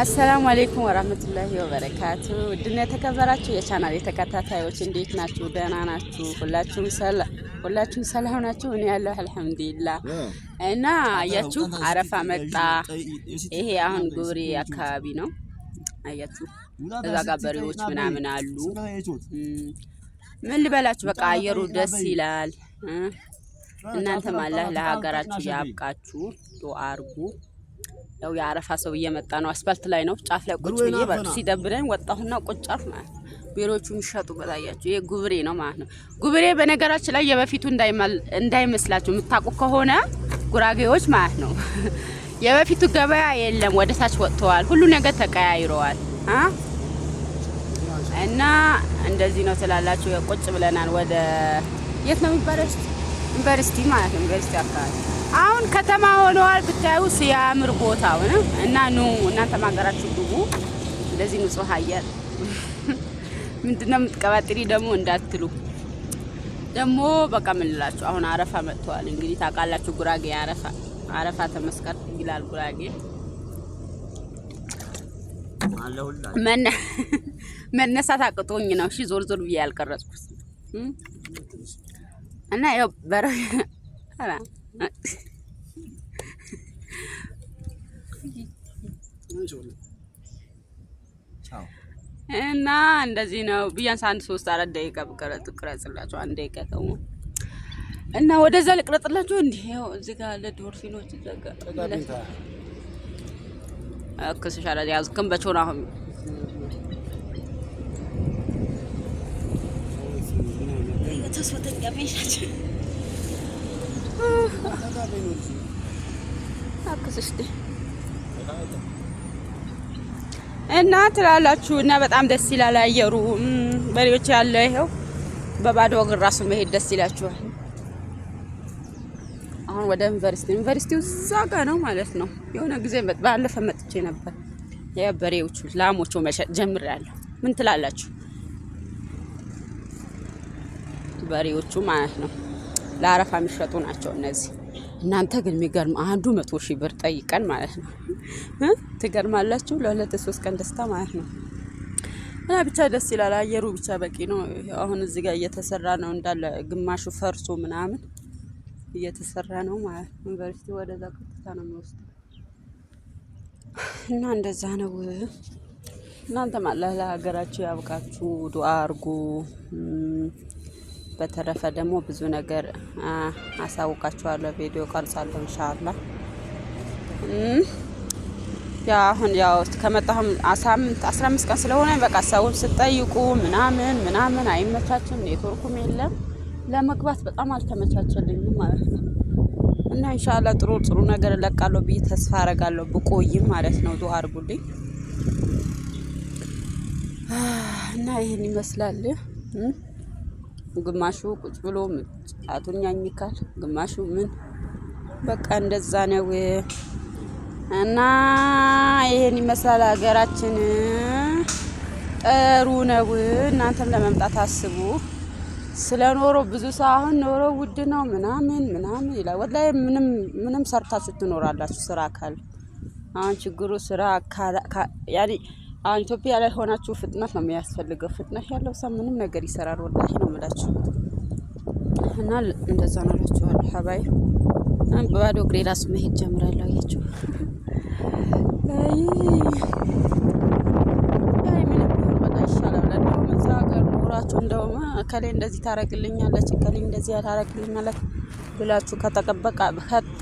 አሰላሙ አሌይኩም ወራህመቱላሂ ወበረካቱ። ውድና የተከበራችሁ የቻናል የተከታታዮች እንዴት ናችሁ? ደህና ናችሁ? ሁላችሁም ሰላም ናችሁ? እኔ ያለሁ አልሐምዱሊላህ። እና አያችሁ አረፋ መጣ። ይሄ አሁን ጎሬ አካባቢ ነው። አያችሁ እዛ ጋር በሬዎች ምናምን አሉ። ምን ልበላችሁ፣ በቃ አየሩ ደስ ይላል። እናንተም አላህ ለሀገራችሁ ያብቃችሁ፣ ዱአ አድርጉ ያው የአረፋ ሰው እየመጣ ነው። አስፋልት ላይ ነው፣ ጫፍ ላይ ቁጭ ብዬ በቃ ሲደብረኝ ወጣሁና ቁጫፍ ማለት ነው። ቤሮቹ የሚሸጡ በታያቸው ይሄ ጉብሬ ነው ማለት ነው። ጉብሬ በነገራችን ላይ የበፊቱ እንዳይመስላችሁ የምታውቁ ከሆነ ጉራጌዎች ማለት ነው የበፊቱ ገበያ የለም፣ ወደ ታች ወጥተዋል። ሁሉ ነገር ተቀያይረዋል እና እንደዚህ ነው ትላላችሁ። ቁጭ ብለናል። ወደ የት ነው ዩኒቨርሲቲ ማለት ነው ዩኒቨርሲቲ አካባቢ አሁን ከተማ ሆነዋል ብታዩ ሲያምር ነው። እና ኑ እናንተም ሀገራችሁ ግቡ። እንደዚህ ንጹህ አየር ምንድነው የምትቀባጥሪ ደግሞ እንዳትሉ ደግሞ በቃ ምን አሁን አረፋ መጥተዋል። እንግዲህ ታውቃላችሁ ጉራጌ አረፋ አረፋ ተመስቀር ይላል ጉራጌ መነሳት አቅጦኝ ነው። እሺ ዞር ዞር ብዬ ያልቀረጽኩት እና ያው በረ እና እንደዚህ ነው። ቢያንስ አንድ ሶስት አራት ደቂቃ ብቀረጽ ቅረጽላችሁ አንድ ደቂቃ ተው እና ወደዛ እንዲህ እዚህ ጋር ዘጋ አሁን እና ትላላችሁ እና በጣም ደስ ይላል አየሩ። በሬዎች ያለ ይሄው በባዶ እግር ራሱ መሄድ ደስ ይላችኋል። አሁን ወደ ዩኒቨርሲቲ ዩኒቨርሲቲው እዛ ጋ ነው ማለት ነው። የሆነ ጊዜ ባለፈ መጥቼ ነበር። የበሬዎቹ ላሞቹ መሸጥ ጀምሬያለሁ። ምን ትላላችሁ? በሬዎቹ ማለት ነው ለአረፋ የሚሸጡ ናቸው እነዚህ። እናንተ ግን የሚገርም አንዱ መቶ ሺህ ብር ጠይቀን ማለት ነው ትገርማላችሁ። ለሁለት ሶስት ቀን ደስታ ማለት ነው። እና ብቻ ደስ ይላል። አየሩ ብቻ በቂ ነው። አሁን እዚህ ጋር እየተሰራ ነው እንዳለ ግማሹ ፈርሶ ምናምን እየተሰራ ነው ማለት ነው። ዩኒቨርሲቲ ወደዛ ቀጥታ ነው የሚወስድ እና እንደዛ ነው። እናንተም አላህ ለሀገራችሁ ያብቃችሁ፣ ዱአ አርጉ። በተረፈ ደግሞ ብዙ ነገር አሳውቃችኋለሁ። ቪዲዮ ቀርጻለሁ ኢንሻአላህ። ያው አሁን ያው ከመጣሁም ሳምንት 15 ቀን ስለሆነ በቃ ሰውን ስጠይቁ ምናምን ምናምን አይመቻችም፣ ኔትወርኩም የለም ለመግባት በጣም አልተመቻቸልኝም ማለት ነው። እና ኢንሻአላ ጥሩ ጥሩ ነገር እለቃለሁ ብዬ ተስፋ አረጋለሁ ብቆይም ማለት ነው። ዱአ አድርጉልኝ እና ይሄን ይመስላል። ግማሹ ቁጭ ብሎ ጫቱን ያኝካል፣ ግማሹ ምን በቃ እንደዛ ነው። እና ይሄን ይመስላል ሀገራችን። ጥሩ ነው። እናንተም ለመምጣት አስቡ። ስለ ኖሮ ብዙ ሰው አሁን ኖሮ ውድ ነው ምናምን ምናምን ይላል። ወላሂ ምንም ምንም ሰርታችሁ ትኖራላችሁ። ስራ አካል አሁን ችግሩ ስራ አሁን ኢትዮጵያ ላይ ሆናችሁ ፍጥነት ነው የሚያስፈልገው። ፍጥነት ያለው ሰው ምንም ነገር ይሰራል። ወላሂ ነው የምላችሁ እና እንደዛ ነው እላችኋለሁ። ሀባይ ባዶ እግሬ ራሱ መሄድ ጀምራለሁ። አያችሁ እንደውም ከሌ እንደዚህ ታረግልኛለች ከሌ እንደዚህ ታረግልኛለች ብላችሁ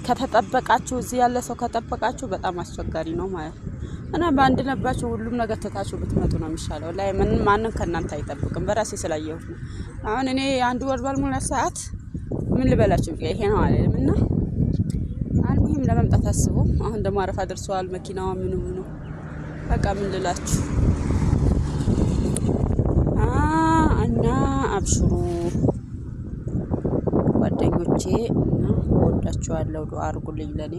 ከተጠበቃችሁ እዚህ ያለ ሰው ከጠበቃችሁ በጣም አስቸጋሪ ነው ማለት ነው። እና በአንድ ነባችሁ ሁሉም ነገር ትታችሁ ብትመጡ ነው የሚሻለው። ላይ ምን ማንም ከእናንተ አይጠብቅም። በራሴ ስላየሁት ነው። አሁን እኔ አንድ ወር ባልሞላ ሰዓት ምን ልበላችሁ ይሄ ነው አለልም እና አልሙሂም ለመምጣት አስቦ አሁን ደግሞ አረፋ ደርሰዋል። መኪናዋ ምኑ ምኑ በቃ ምን ልላችሁ እና አብሽሩ ጓደኞቼ እና ወዳችኋለሁ። ዱአ አድርጉልኝ ለእኔ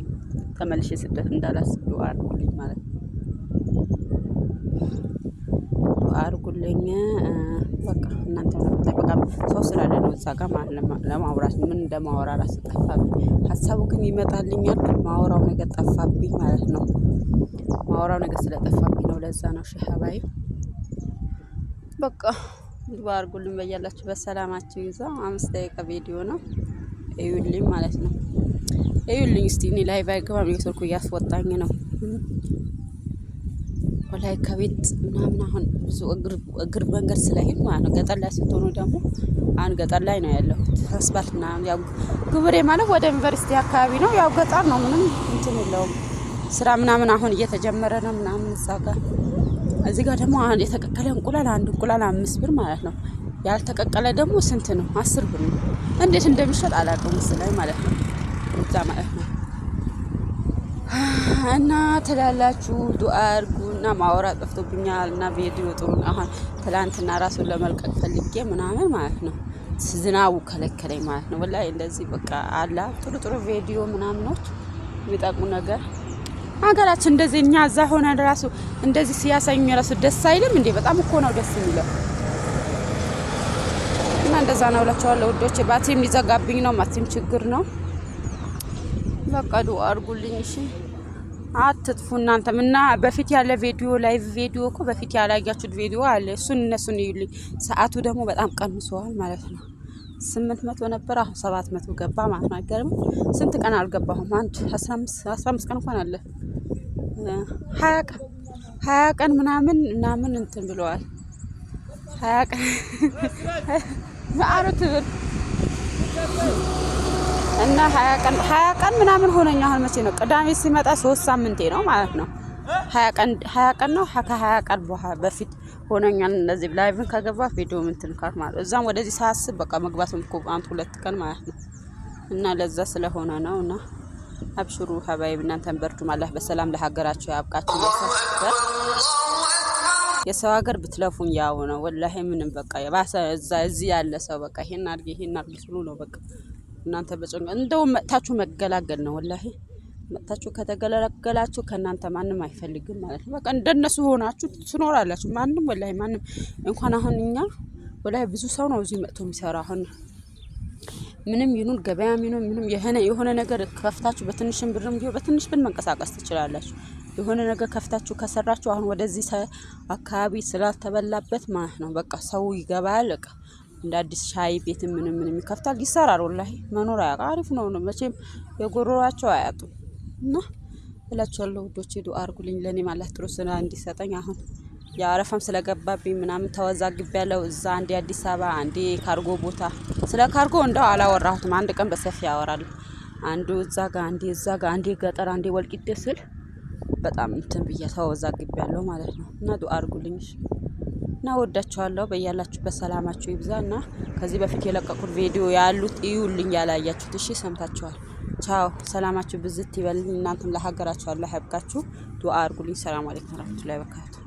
ተመልሼ ስደት እንዳላስብ ዱአ አድርጉልኝ ማለት ነው። ዱአ አድርጉልኝ በቃ እናንተ ሰው ስላለ ነው እዛ ጋር ለማውራት ምን እንደማወራ ራስ ጠፋብኝ። ሀሳቡ ግን ይመጣልኛል፣ ማውራው ማወራው ነገር ጠፋብኝ ማለት ነው። ማወራው ነገር ስለጠፋብኝ ነው። ለዛ ነው ሸሀባይ በቃ ዱባ አርጉልኝ። በያላችሁ በሰላማችሁ ይዛ አምስት ደቂቃ ቪዲዮ ነው እዩልኝ ማለት ነው። እዩልኝ እስቲ እኔ ላይ ባይገባም እየተልኩ እያስወጣኝ ነው። ወላይ ከቤት ምናምን አሁን ብዙ እግር መንገድ ስለሄድ ማለት ነው። ገጠር ላይ ስትሆኑ ደግሞ አሁን ገጠር ላይ ነው ያለሁት። አስፋልት ምናምን ያው ግብሬ ማለት ወደ ዩኒቨርሲቲ አካባቢ ነው። ያው ገጠር ነው፣ ምንም እንትን የለውም። ስራ ምናምን አሁን እየተጀመረ ነው ምናምን እዛ ጋር እዚህ ጋር ደግሞ የተቀቀለ እንቁላል አንድ እንቁላል አምስት ብር ማለት ነው። ያልተቀቀለ ደግሞ ስንት ነው? አስር ብር ነው። እንዴት እንደሚሸጥ አላውቅም። ምስል ላይ ማለት ነው እዛ ማለት ነው እና ትላላችሁ ዱአ አድርጉ። እና ማውራት ጠፍቶብኛል እና ቪዲዮ ጥሩ አሁን ትላንትና ራሱን ለመልቀቅ ፈልጌ ምናምን ማለት ነው ዝናቡ ከለከለኝ ማለት ነው። ወላሂ እንደዚህ በቃ አላ ጥሩ ጥሩ ቪዲዮ ምናምኖች የሚጠቅሙ ነገር ሀገራችን እንደዚህ እኛ እዛ ሆነ ራሱ እንደዚህ ሲያሳኙ የራሱ ደስ አይልም እንዴ? በጣም እኮ ነው ደስ የሚለው። እና እንደዛ ነው እላቸዋለሁ ውዶች። ባቲም ሊዘጋብኝ ነው። ማቲም ችግር ነው። በቃ ዱአ አድርጉልኝ እሺ። አትጥፉ እናንተም እና በፊት ያለ ቪዲዮ ላይቭ ቪዲዮ እኮ በፊት ያላያችሁት ቪዲዮ አለ። እሱን እነሱን ይዩልኝ። ሰዓቱ ደግሞ በጣም ቀንሷል ማለት ነው። ስምንት መቶ ነበር አሁን ሰባት መቶ ገባ ማለት ነው። አይገርምም? ስንት ቀን አልገባሁም። አንድ አስራ አምስት ቀን እንኳን አለ ሀያ ቀን ሀያ ቀን ምናምን ምናምን እንትን ብለዋል። ሀያ ቀን አሮ ትብር እና ሀያ ቀን ሀያ ቀን ምናምን ሆነኛ። አሁን መቼ ነው ቅዳሜ ሲመጣ ሶስት ሳምንቴ ነው ማለት ነው። ሀያ ቀን ሀያ ቀን ነው ከሀያ ቀን በኋላ በፊት ሆነኛል። እንደዚህ ላይቭን ከገባ ቪዲዮ ምንትን ካል ማለት ነው። እዛም ወደዚህ ሳስብ በቃ መግባት አንድ ሁለት ቀን ማለት ነው እና ለዛ ስለሆነ ነው እና አብሽሩ ሀባይብ እናንተን በርዱ ማለት በሰላም ለሀገራችሁ ያብቃችሁ። የሰው ሀገር ብትለፉን ያው ነው ወላሂ ምንም በቃ የባሰ እዛ እዚህ ያለ ሰው በቃ ይሄን አድርጊ ይሄን አድርጊ ስሉ ነው በቃ እናንተ በጭንቅ እንደው መጥታችሁ መገላገል ነው። ወላሂ መጥታችሁ ከተገላገላችሁ ከእናንተ ማንም አይፈልግም ማለት ነው። በቃ እንደነሱ ሆናችሁ ትኖራላችሁ። ማንም ወላሂ ማንም እንኳን አሁን እኛ ወላሂ ብዙ ሰው ነው እዚህ መጥቶ የሚሰራ አሁን ምንም ይኑን ገበያ ይኑን ምንም የሆነ የሆነ ነገር ከፍታችሁ በትንሽም ብርም ቢሆን በትንሽ ብን መንቀሳቀስ ትችላላችሁ። የሆነ ነገር ከፍታችሁ ከሰራችሁ አሁን ወደዚህ አካባቢ ስላልተበላበት ማለት ነው በቃ ሰው ይገባል። እንደ አዲስ ሻይ ቤት ምን ምን ይከፍታል፣ ይሰራል። ወላሂ መኖር አያውቅም። አሪፍ ነው ነው መቼም የጎሮሯቸው አያጡ እና እላችኋለሁ ውዶቼ፣ ዱአ አርጉልኝ ለእኔም ማለት ጥሩ ስራ እንዲሰጠኝ። አሁን የአረፋም ስለገባብኝ ምናምን ተወዛግብ ያለው እዛ አንዴ አዲስ አበባ አንዴ ካርጎ ቦታ። ስለ ካርጎ እንደው አላወራሁትም፣ አንድ ቀን በሰፊ ያወራል። አንዱ እዛ ጋ አንዴ እዛ ጋ አንዴ ገጠር አንዴ ወልቂጤ ስል በጣም እንትን ብያ ተወዛግብ ያለው ማለት ነው እና ዱአ አድርጉልኝ። እና ወዳችኋለሁ። በያላችሁበት ሰላማችሁ ይብዛ እና ከዚህ በፊት የለቀቁት ቪዲዮ ያሉት እዩልኝ ያላያችሁት። እሺ ሰምታችኋል። ቻው፣ ሰላማችሁ ብዝት ይበልልኝ። እናንተም ለሀገራችሁ አላህ ያብቃችሁ። ዱአ አርጉልኝ። ሰላም አለይኩም ረመቱላ ወበረካቱ